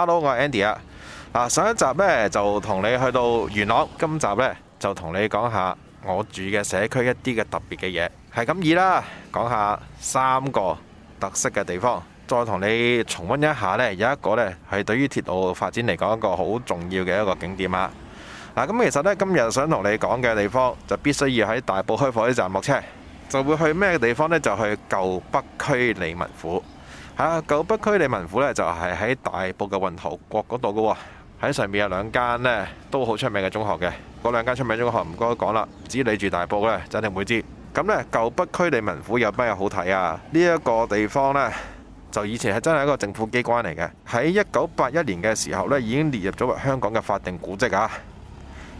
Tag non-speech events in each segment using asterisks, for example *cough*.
Hello，我係 Andy 啊！嗱，上一集呢，就同你去到元朗，今集呢，就同你講下我住嘅社區一啲嘅特別嘅嘢，係咁易啦，講下三個特色嘅地方，再同你重溫一下呢，有一個呢，係對於鐵路發展嚟講一個好重要嘅一個景點啊！嗱，咁其實呢，今日想同你講嘅地方就必須要喺大埔墟火車站落車，就會去咩地方呢？就去舊北區理民府。啊！舊北區理民府呢，就係、是、喺大埔嘅運頭角嗰度嘅喎。喺上面有兩間呢，都好出名嘅中學嘅。嗰兩間出名的中學唔該講啦，唔知你住大埔咧，真係唔會知道。咁呢，舊北區理民府有咩好睇啊？呢、這、一個地方呢，就以前係真係一個政府機關嚟嘅。喺一九八一年嘅時候呢，已經列入咗香港嘅法定古蹟啊。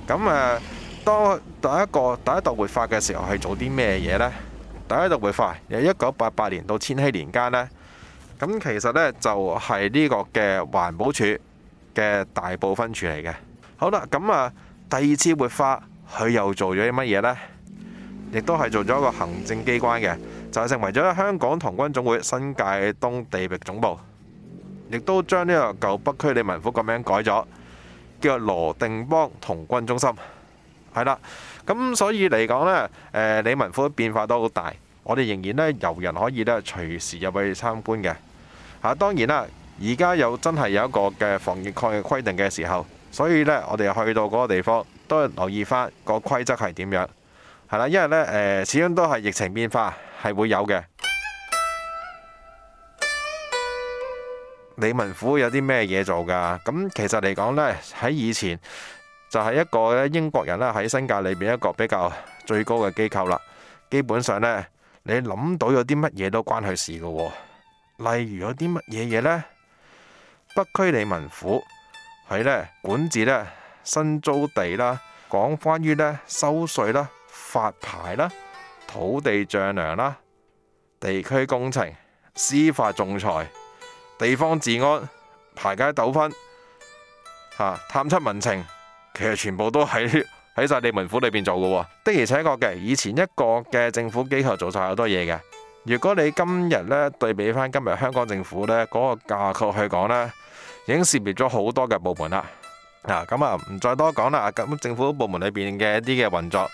咁誒、呃，當第一個第一度活化嘅時候係做啲咩嘢呢？第一度活化由一九八八年到千禧年間呢。咁其實咧就係呢個嘅環保署嘅大部分處嚟嘅。好啦，咁啊第二次活化佢又做咗啲乜嘢咧？亦都係做咗一個行政機關嘅，就係成為咗香港童軍總會新界東地域總部，亦都將呢個舊北區理民府個名改咗，叫羅定邦童軍中心。係啦，咁所以嚟講咧，誒理民府變化都好大。我哋仍然咧遊人可以咧隨時入去參觀嘅。嚇、啊，當然啦！而家有真係有一個嘅防疫抗疫規定嘅時候，所以咧，我哋去到嗰個地方都留意返個規則係點樣，係啦，因為咧誒、呃，始終都係疫情變化係會有嘅。 *noise* 李文虎有啲咩嘢做噶？咁其實嚟講呢，喺以前就係一個英國人啦，喺新界裏邊一個比較最高嘅機構啦。基本上呢，你諗到有啲乜嘢都關佢事噶喎、哦。例如有啲乜嘢嘢呢？北區理民府係呢管治咧新租地啦、啊，講關於咧收稅啦、發牌啦、土地丈量啦、地區工程、司法仲裁、地方治安、排解糾紛嚇、探測民情，其實全部都喺喺晒理民府裏邊做嘅、啊。的而且確嘅，以前一個嘅政府機構做晒好多嘢嘅。如果你今日咧對比翻今日香港政府咧嗰個架構去講咧，已經涉別咗好多嘅部門啦。嗱，咁啊唔再多講啦。咁政府部門裏邊嘅一啲嘅運作，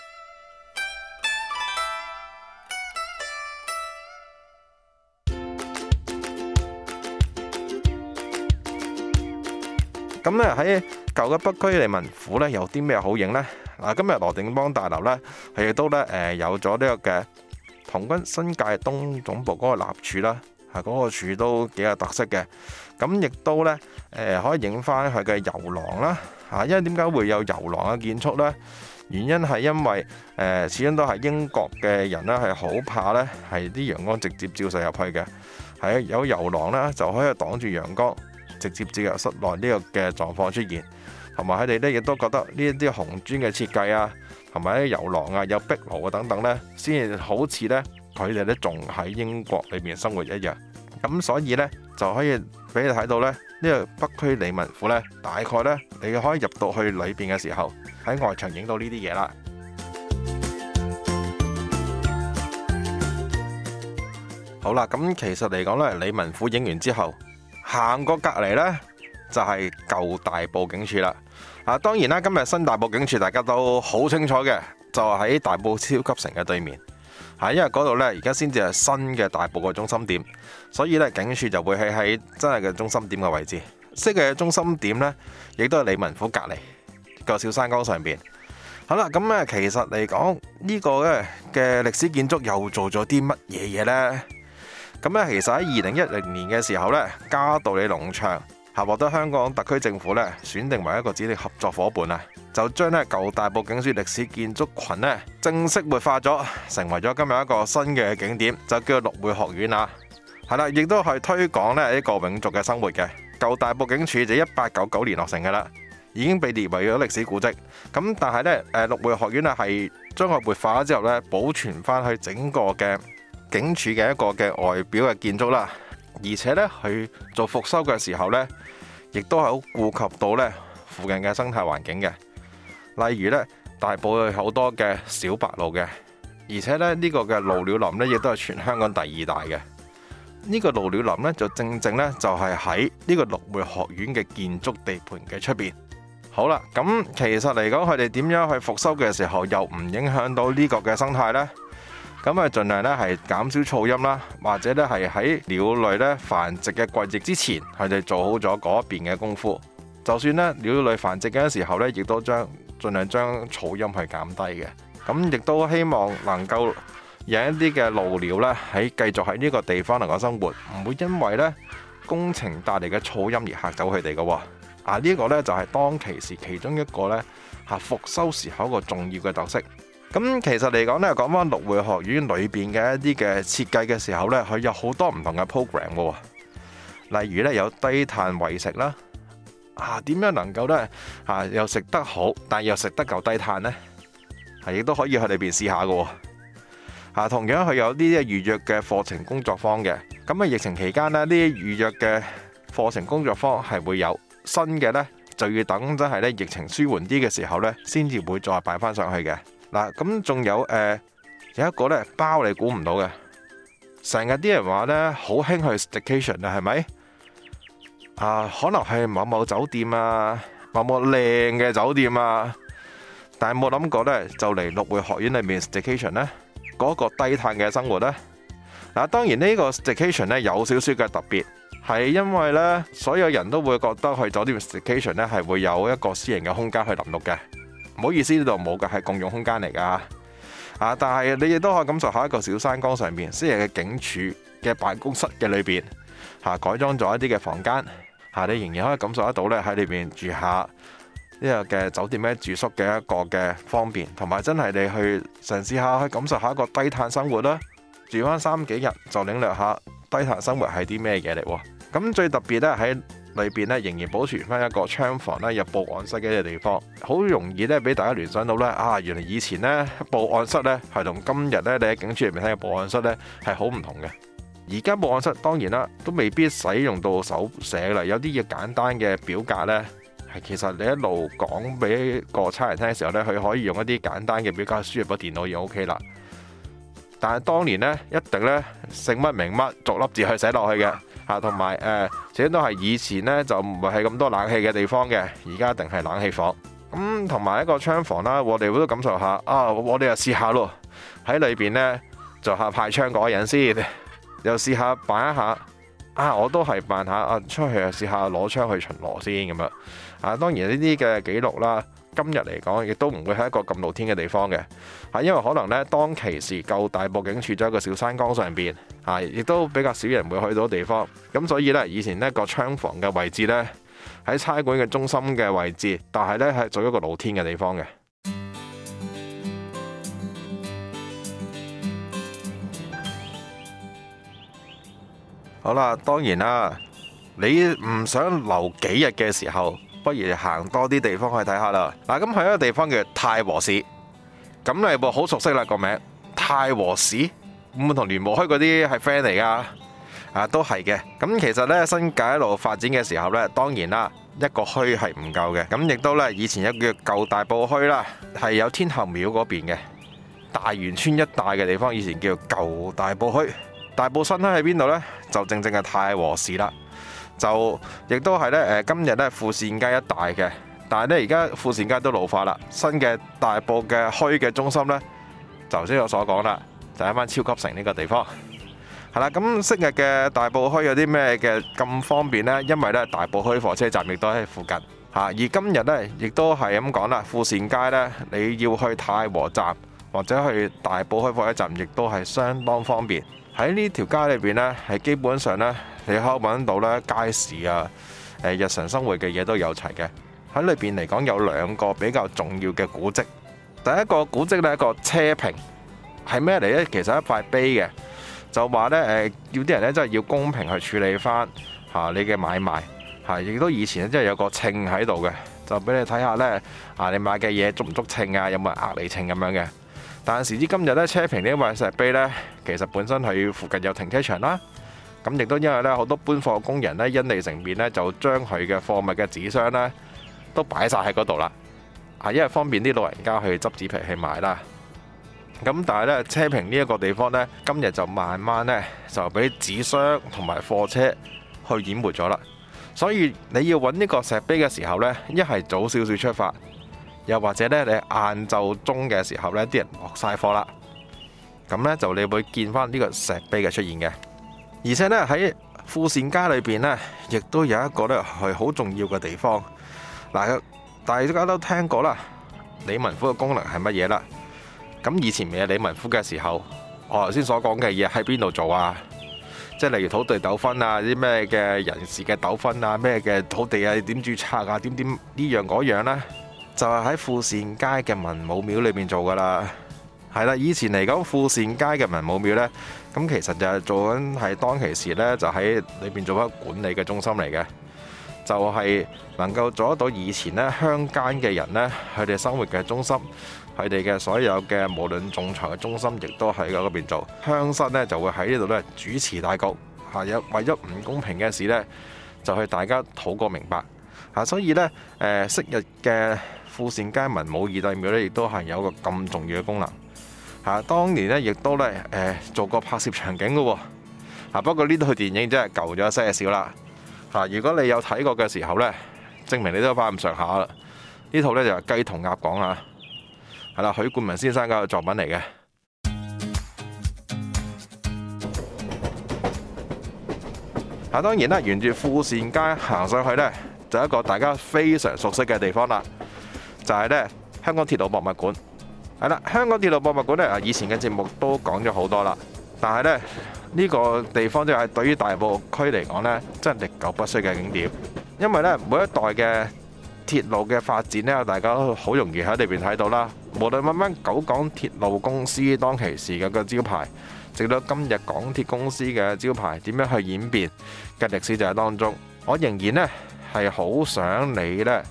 咁咧喺舊嘅北區理民府咧有啲咩好影咧？嗱，今日羅定邦大樓咧係亦都咧誒有咗呢個嘅。童軍新界東總部嗰個立柱啦，係、那、嗰個柱都幾有特色嘅。咁亦都呢，誒可以影返佢嘅遊廊啦。嚇，因為點解會有遊廊嘅建築呢？原因係因為誒、呃，始終都係英國嘅人呢，係好怕呢，係啲陽光直接照射入去嘅。係有遊廊呢，就可以擋住陽光直接進入室內呢個嘅狀況出現。同埋佢哋呢，亦都覺得呢一啲紅磚嘅設計啊～同埋啲遊廊啊，有壁爐啊等等呢，先至好似呢，佢哋咧仲喺英國裏面生活一樣。咁所以呢，就可以俾你睇到呢，呢、這個北區理民府呢，大概呢，你可以入到去裏邊嘅時候，喺外牆影到呢啲嘢啦。好啦，咁其實嚟講呢，理民府影完之後，行過隔離呢，就係、是、舊大埔警署啦。啊，當然啦！今日新大埔警署大家都好清楚嘅，就係喺大埔超級城嘅對面嚇，因為嗰度呢，而家先至係新嘅大埔嘅中心點，所以呢，警署就會係喺真係嘅中心點嘅位置。昔日嘅中心點呢，亦都係理民府隔離、嗰個小山崗上邊。好啦，咁、這個、呢，其實嚟講呢個呢嘅歷史建築又做咗啲乜嘢嘢呢？咁呢，其實喺二零一零年嘅時候呢，嘉道理農場。下獲得香港特區政府咧選定為一個指定合作伙伴啊，就將咧舊大埔警署歷史建築群咧正式活化咗，成為咗今日一個新嘅景點，就叫綠會學院啦。係啦，亦都係推廣咧呢個永續嘅生活嘅。舊大埔警署就一八九九年落成噶啦，已經被列為咗歷史古蹟。咁但係咧，誒綠會學院啊係將佢活化咗之後咧，保存翻去整個嘅警署嘅一個嘅外表嘅建築啦。而且咧，佢做復修嘅時候呢，亦都係好顧及到呢附近嘅生態環境嘅。例如呢，大埔有好多嘅小白鷺嘅，而且呢，呢個嘅鷺鳥林呢，亦都係全香港第二大嘅。呢、這個鷺鳥林呢，就正正呢，就係喺呢個綠會學院嘅建築地盤嘅出邊。好啦，咁其實嚟講，佢哋點樣去復修嘅時候，又唔影響到呢個嘅生態呢？咁啊，盡量咧係減少噪音啦，或者咧係喺鳥類咧繁殖嘅季節之前，佢哋做好咗嗰邊嘅功夫。就算咧鳥類繁殖嘅時候咧，亦都將盡量將噪音係減低嘅。咁亦都希望能夠有一啲嘅鷺鳥咧喺繼續喺呢個地方能夠生活，唔會因為咧工程帶嚟嘅噪音而嚇走佢哋嘅。啊，呢、這個咧就係當其時其中一個咧嚇復修時候一個重要嘅特色。咁其實嚟講咧，講翻綠會學院裏邊嘅一啲嘅設計嘅時候呢，佢有好多唔同嘅 program 嘅，例如呢，有低碳為食啦啊，點樣能夠呢？啊又食得好，但又食得夠低碳呢，係亦都可以去裏邊試一下嘅啊。同樣佢有呢啲預約嘅課程工作坊嘅。咁啊，疫情期間呢，呢啲預約嘅課程工作坊係會有新嘅呢，就要等真係呢疫情舒緩啲嘅時候呢，先至會再擺翻上去嘅。嗱，咁仲有誒，有一個咧包你估唔到嘅，成日啲人話咧好興去 staycation 啊，係咪？啊，可能係某某酒店啊，某某靚嘅酒店啊，但係冇諗過咧就嚟綠會學院裏面 staycation 咧，嗰個低碳嘅生活咧。嗱，當然呢個 staycation 咧有少少嘅特別，係因為咧所有人都會覺得去酒店 staycation 咧係會有一個私人嘅空間去林綠嘅。唔好意思，呢度冇噶，係共用空間嚟噶。啊！但係你亦都可以感受下一個小山崗上面私人嘅警署嘅辦公室嘅裏邊，吓改裝咗一啲嘅房間，吓你仍然可以感受得到咧喺裏邊住下呢個嘅酒店咧住宿嘅一個嘅方便，同埋真係你去嘗試下去感受下一個低碳生活啦，住返三幾日就領略下低碳生活係啲咩嘢嚟喎。咁最特別咧喺。裏邊咧仍然保存翻一個槍房咧、入報案室嘅一個地方，好容易咧俾大家聯想到咧啊！原來以前咧報案室咧係同今日咧你喺警署入面睇嘅報案室咧係好唔同嘅。而家報案室當然啦，都未必使用到手寫啦，有啲嘢簡單嘅表格咧係其實你一路講俾個差人聽嘅時候咧，佢可以用一啲簡單嘅表格輸入部電腦已經 OK 啦。但係當年呢，一定咧姓乜名乜逐粒字去寫落去嘅。啊，同埋誒，這、呃、都係以前呢，就唔會係咁多冷氣嘅地方嘅，而家一定係冷氣房。咁同埋一個窗房啦，我哋會都感受下啊，我哋又試下咯，喺裏面呢，做下派槍嗰人先，又試下扮一下，一下啊，我都係扮下啊，出去又試下攞槍去巡邏先咁樣啊。當然呢啲嘅記錄啦。今日嚟講，亦都唔會喺一個咁露天嘅地方嘅，啊，因為可能呢，當其時夠大，報警處喺一個小山崗上邊，啊，亦都比較少人會去到地方，咁所以呢，以前呢個槍房嘅位置呢，喺差館嘅中心嘅位置，但係呢喺做一個露天嘅地方嘅。好啦，當然啦，你唔想留幾日嘅時候。不如行多啲地方去睇下啦。嗱，咁去一個地方叫太和市，咁你部好熟悉啦個名。太和市唔同聯和墟嗰啲係 friend 嚟噶？啊，都係嘅。咁其實呢，新界一路發展嘅時候呢，當然啦，一個墟係唔夠嘅。咁亦都呢，以前一個叫舊大埔墟啦，係有天后廟嗰邊嘅大元村一帶嘅地方，以前叫舊大埔墟。大埔新墟喺邊度呢？就正正係太和市啦。就亦都係咧，今日咧富善街一帶嘅，但係呢，而家富善街都老化啦，新嘅大埔嘅墟嘅中心呢，就頭先我所講啦，就喺返超級城呢個地方，係啦，咁昔日嘅大埔墟有啲咩嘅咁方便呢？因為咧大埔墟火車站亦都喺附近，啊、而今日呢，亦都係咁講啦，富善街呢，你要去太和站或者去大埔墟火車站，亦都係相當方便，喺呢條街裏面呢，係基本上呢。你可以揾到咧街市啊，誒日常生活嘅嘢都有齊嘅。喺裏邊嚟講有兩個比較重要嘅古跡。第一個古跡呢一個車平係咩嚟咧？其實係一塊碑嘅，就話呢誒要啲人咧即係要公平去處理翻嚇你嘅買賣，係亦都以前真即係有個秤喺度嘅，就俾你睇下呢。啊你買嘅嘢足唔足秤啊，有冇人壓你秤咁樣嘅。但時至今日呢，車平呢塊石碑呢，其實本身喺附近有停車場啦。咁亦都因為咧，好多搬貨工人咧，因利乘便咧，就將佢嘅貨物嘅紙箱咧，都擺晒喺嗰度啦。啊，因為方便啲老人家去執紙皮去買啦。咁但係呢，車坪呢一個地方呢，今日就慢慢呢，就俾紙箱同埋貨車去淹沒咗啦。所以你要揾呢個石碑嘅時候呢，一係早少少出發，又或者呢，你晏晝中嘅時候呢，啲人落晒貨啦。咁呢，就你會見返呢個石碑嘅出現嘅。而且咧喺富善街裏邊咧，亦都有一個咧係好重要嘅地方。嗱，大家都聽過啦，理民府嘅功能係乜嘢啦？咁以前未有理民府嘅時候，我頭先所講嘅嘢喺邊度做啊？即係例如土地糾紛啊，啲咩嘅人事嘅糾紛啊，咩嘅土地啊，點注冊啊，點點呢樣嗰樣咧，就係喺富善街嘅文武廟裏面做噶啦。係啦，以前嚟講富善街嘅文武廟咧。咁其實就係做緊係當其時呢，就喺裏邊做翻管理嘅中心嚟嘅，就係、是、能夠做得到以前呢鄉間嘅人呢，佢哋生活嘅中心，佢哋嘅所有嘅無論仲裁嘅中心，亦都喺個嗰邊做。鄉紳呢就會喺呢度呢，主持大局，嚇有為咗唔公平嘅事呢，就去大家討個明白嚇。所以呢，昔日嘅富善街文武二帝廟呢，亦都係有一個咁重要嘅功能。啊，當年咧亦都咧誒做過拍攝場景㗎喎。啊，不過呢套電影真係舊咗些少啦。啊，如果你有睇過嘅時候呢，證明你都翻咁上下啦。呢套呢，就是，就係雞同鴨講啊，係啦，許冠文先生嘅作品嚟嘅。啊，當然啦，沿住富善街行上去呢，就一個大家非常熟悉嘅地方啦，就係，是、呢香港鐵路博物館。係啦，香港鐵路博物館咧，啊，以前嘅節目都講咗好多啦。但係呢，呢、這個地方就係對於大埔區嚟講呢，真係歷久不衰嘅景點。因為呢，每一代嘅鐵路嘅發展呢，大家都好容易喺裏邊睇到啦。無論乜乜九廣鐵路公司當其時嘅個招牌，直到今日港鐵公司嘅招牌點樣去演變嘅歷史就喺當中。我仍然呢，係好想你呢，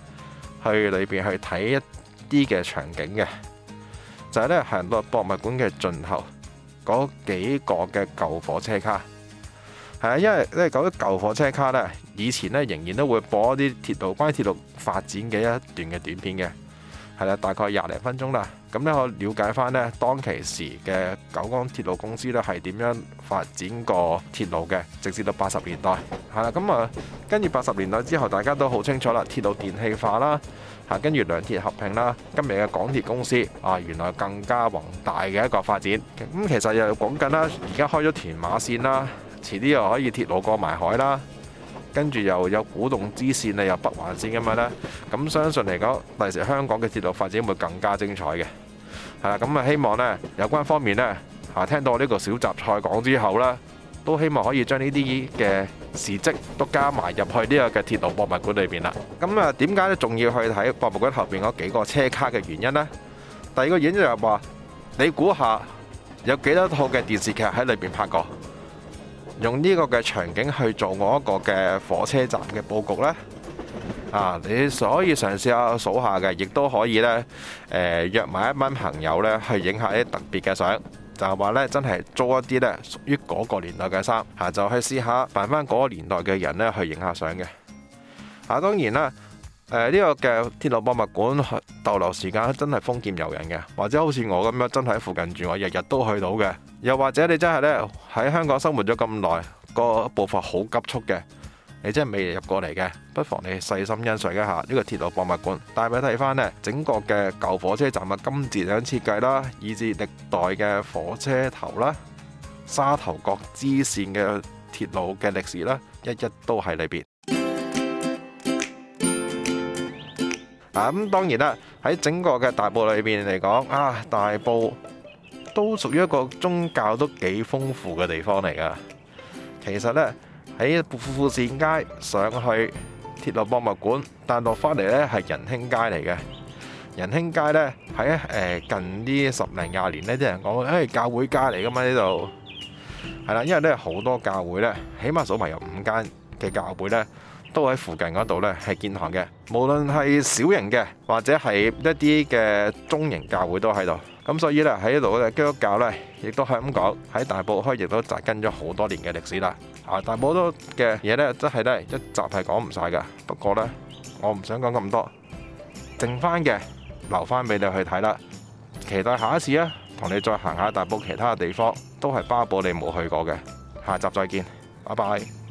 去裏邊去睇一啲嘅場景嘅。就係咧，行到博物館嘅盡頭，嗰幾個嘅舊火車卡。係啊，因為咧嗰啲舊火車卡咧，以前咧仍然都會播一啲鐵道關於鐵路發展嘅一段嘅短片嘅。係啦，大概廿零分鐘啦。咁咧，我了解翻呢，當其時嘅九江鐵路公司呢，係點樣發展過鐵路嘅，直至到八十年代。係啦，咁啊跟住八十年代之後，大家都好清楚啦，鐵路電氣化啦，嚇跟住兩鐵合併啦，今日嘅港鐵公司啊原來更加宏大嘅一個發展。咁其實又講緊啦，而家開咗屯馬線啦，遲啲又可以鐵路過埋海啦。跟住又有古洞支線咧，有北環線咁樣咧，咁相信嚟講，第時香港嘅鐵路發展會更加精彩嘅。係啦，咁啊希望咧有關方面咧，嚇聽到我呢個小雜菜講之後咧，都希望可以將呢啲嘅事蹟都加埋入去呢個嘅鐵路博物館裏邊啦。咁啊，點解咧仲要去睇博物館後邊嗰幾個車卡嘅原因咧？第二個原因就係話，你估下有幾多套嘅電視劇喺裏邊拍過？用呢個嘅場景去做我一個嘅火車站嘅佈局呢。啊！你所以嘗試下數下嘅，亦都可以呢。誒、呃，約埋一班朋友呢，去影下一啲特別嘅相，就係話呢，真係租一啲呢屬於嗰個年代嘅衫，嚇、啊、就去試下扮翻嗰個年代嘅人呢去影下相嘅。啊，當然啦，呢、呃，這個嘅鐵路博物館逗留時間真係豐儉由人嘅，或者好似我咁樣真係喺附近住我，我日日都去到嘅。又或者你真係呢喺香港生活咗咁耐，個步伐好急促嘅，你真係未入過嚟嘅，不妨你細心欣賞一下呢個鐵路博物館。帶你睇翻呢整個嘅舊火車站嘅金字樣設計啦，以至歷代嘅火車頭啦，沙頭角支線嘅鐵路嘅歷史啦，一一都喺裏邊。啊，咁當然啦，喺整個嘅大埔裏面嚟講啊，大埔。都屬於一個宗教都幾豐富嘅地方嚟噶。其實呢喺富士街上去鐵路博物館，但落返嚟呢係仁興街嚟嘅。仁興街呢喺誒近啲十零廿年呢，啲人講誒教會街嚟噶嘛呢度。係啦，因為呢好多教會呢，起碼數埋有五間嘅教會呢，都喺附近嗰度呢係建堂嘅。無論係小型嘅，或者係一啲嘅中型教會都喺度。咁所以呢，喺呢度呢基督教呢亦都係咁講，喺大埔墟亦都扎根咗好多年嘅歷史啦。啊，大埔多嘅嘢呢，真係呢一集係講唔晒㗎。不過呢，我唔想講咁多，剩返嘅留返俾你去睇啦。期待下一次啊，同你再行下大埔其他嘅地方，都係包保你冇去過嘅。下集再見，拜拜。